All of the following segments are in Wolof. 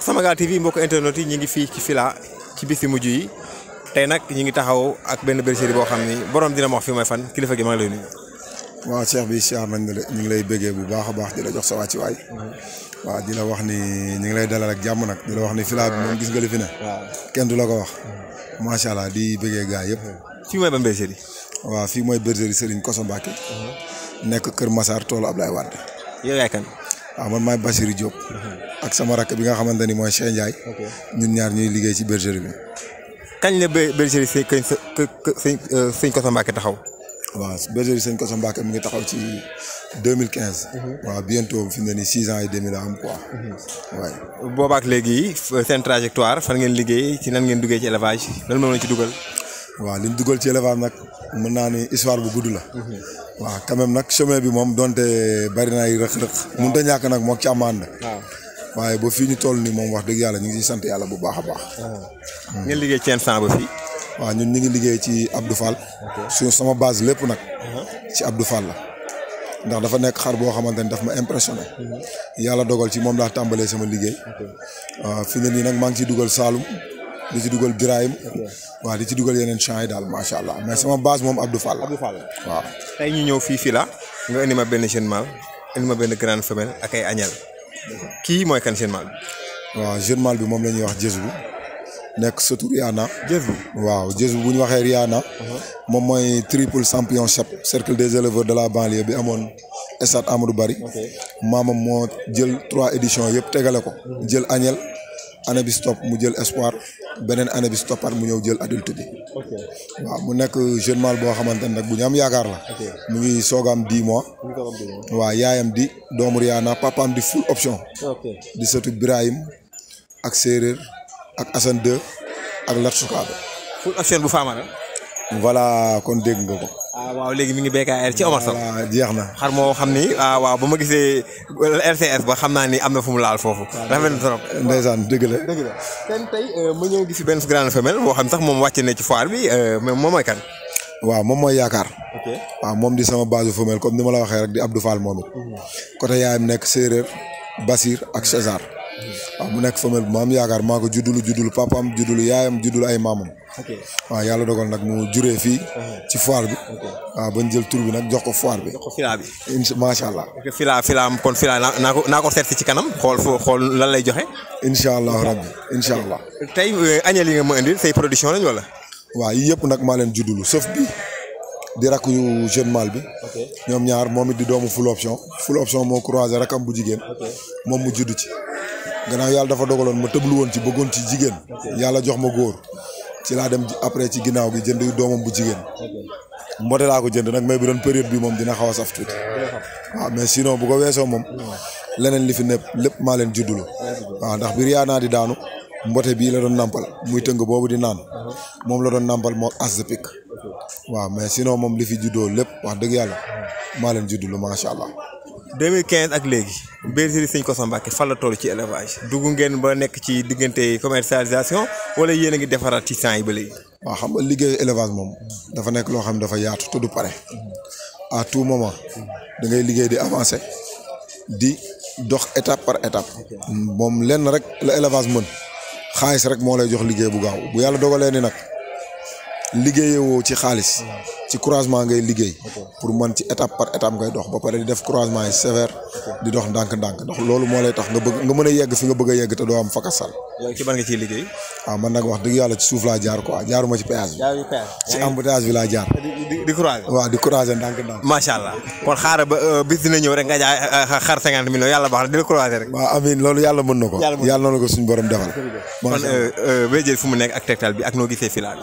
sama gal TV mbok internet yi ñu ngi fi ci Fila ci bisi muju yi tay nak ñi ngi taxaw ak benn bergerie bo xamni borom dina ma wax fi may fan kilifa gi ma ngi lay nuyu. wa Cheikh bi cheikh amane la ñu ngi lay bëgge bu baaxa baax di jox sa wàcci way wa di wax ni ñi ngi lay dalal ak jamm nak di wax ni Fila bi mo gis nga li fi ne. kenn du la ko wax. sha allah di bëgge gaa yëpp. fi mooy ban bergerie. wa fi moy bergerie Serigne kosso mbake uh-huh. nek keur Massar tolo ablay wad yow kan. waaw ah, man maay Bassirou Diop. Mhm. ak sama rakk bi nga xamante ni mooy Cheikh Ndiaye. ñun ñaar ñuy liggéey ci bergerie bi. kañ la bergerie sëñ kañ sa euh, sëñ Kosa Mbacke taxaw. waaw bergerie sëñ Kosa Mbacke mi ngi taxaw ci deux mille quinze. Mhm. waaw bientôt fi mu ne nii six ans et demi la am quoi. waaye. Mhm. boobaak léegi seen trajectoire fan ngeen liggéey ci nan ngeen duggee ci élevage lan moom lañ ci dugal. waaw liñ dugal ci élevage nag mën naa ni histoire bu gudd la. waa quand nag chemin bi moom donte bari na ay rëq-rëq. waaw mënut a nag moo ci am ànd. waaye ba fii ñu toll nii moom wax dëgg yàlla ñu ngi sant yàlla bu baax a baax. Ah. ngeen liggéey ci instant ba fii. waaw ñun ñu ngi liggéey ci Abdou Fall. su sama base lépp nag. Uh-huh. ci Abdou la. ndax dafa nekk xar boo xamante ni daf ma impressionné. Uh-huh. yàlla dogol ci moom laa tàmbalee sama liggéey. waaw ah, fi ne nii nag maa ngi ciy dugal Saalum. di ci dugal Birahim. waaw di ci dugal yeneen champs yi daal macha allah mais sama base moom Abdou Fall. Abdou Fall waaw. tey ñu ñëw fii fii la nga indi ma benn jeune mal indi ma benn grande femelle ak ay agnel kii mooy kan jeune mal bi. waaw jeune mal bi moom la ñuy wax Jésu. nekk surtout Rihanna. Jésu waaw Jésu bu ñu waxee Rihanna. Uh-huh. moom mooy triple champion cercle des éleveurs de la banlieue bi amoon. Esat Amadou Bari. maamam moo jël trois éditions yëpp tegale ko. Uh-huh. jël agnel. Ane bi stop mu jël espoir benen année bi stopat mu ñew jël adulte bi. wa mu nek jeune mal bo xamantene nak bu ñam yaakar la. mu ngi sogam 10 mois. wa yaayam di domou Riana papaam di full option. di setu Ibrahim, ak serer ak Assane 2 ak Lat full option bu Famara. voilà kon deg nga ko. Ah, waaw léegi mi ngi BKR ci Omar Sow. waaw jeex na xar moo xam ni ah, waaw ba ma gisee RCS ba xam naa ni am na fu mu laal foofu. rafet na trop ndeysaan dëgg la. dëgg la tey euh, ma ñëw gis benn grande femelle boo xam sax moom wàcc na ci foire bi euh, mais moom mooy kan. waaw moom mooy yaakaar. ok waaw moom di sama base femelle comme ni ma la waxee rek di Abdou Fall moom it. Mhm. côté yaayam nekk séeréer Basir ak César. waaw nek nekk famille bu ma judul judul maa judul juddulu judul papaam juddulu yaayam juddulu ay maamam. waaw ah, yàlla dogal nag mu juree fii. ci foire bi. waaw joko ah, jël tur bi nag jox ko foire bi. jox ko fila bi. incha macha allah. fila fila kon fila naa ko naa si ci kanam xool foo xool lan lay joxe. incha allah rabbi incha allah. tey eh, yi nga ma indil say production lañ wala. waaw yii yëpp nag maa sauf bi di rakk yu jeune mal bi. ñom ñaar momit di doomu full option. full option mo croiser rakam bu jigen mom mu judd ci ganaw yalla dafa dogalon ma teblu won ci beggon ci jigen yalla jox ma góor ci la dem après ci ginaaw gi jënd doomam bu jigen modé la ko jënd nak may bi done période bi mom dina a saf tuuti mais sinon bu ko wéso mom leneen li fi nepp lepp ma len wa ndax bi riyana di daanu mbote bi la nampal, nampal muy teung bobu di naan Mom la done nampal mo as wa mais sinon mom li fi jiddo lepp wax 2015 ak léegi bergerie Serigne sa Mbacké fan la toll ci élevage dugg ngeen ba nekk ci diggante commercialisation wala yéen a ngi defaraat ci champs yi ba léegi. waaw xam liggéey élevage moom dafa nekk loo xam ne dafa yaatu te du pare à tout moment da ngay liggéey di avancer di dox étape par étape moom lenn rek la élevage mën xaalis rek moo lay jox liggéey bu gaaw bu yàlla dogalee ni nag liggéeyewoo ci xaalis. ci croisement ngay liggéey pour mën ci étape par étape ngay dox ba pare di def croisement yi sévère di dox ndànk-ndànk ndax loolu moo lay tax nga bëgg nga mën a yegg fi nga bëgg a yegg te doo am fakasal ci ban nga ciy liggéey waaw man ba euh, bis dina ñëw la ko suñu borom defal kon Bédié euh, euh, mu nekk ak Tektal bi ak noo gisee filaa bi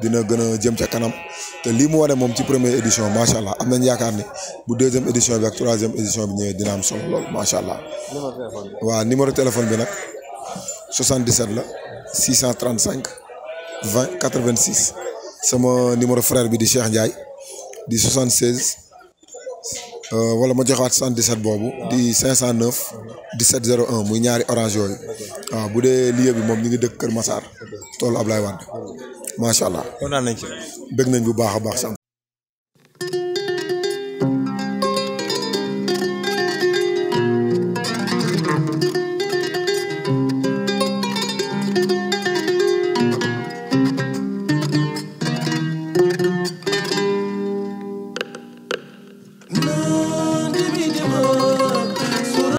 dina gëna jëm ci kanam té li mu wane mom ci première édition sha allah am nañ yaakaar ni bu deuxième édition bi ak troisième édition bi ñëwee dina am solo lool sha allah. wa numéro téléphone bi nak 77 la 635 20 86 sama numéro frère bi di Cheikh Ndiaye di 76 euh, wala ma joxat 77 bobu di 509 1701 muy ñaari orange yoy wa bu dé lieu bi mom ñi ngi dëkk Kër Massar toolu Ablaye Wade. macha allah. kontaan nañ ci. bëgg bu baax a baax sax.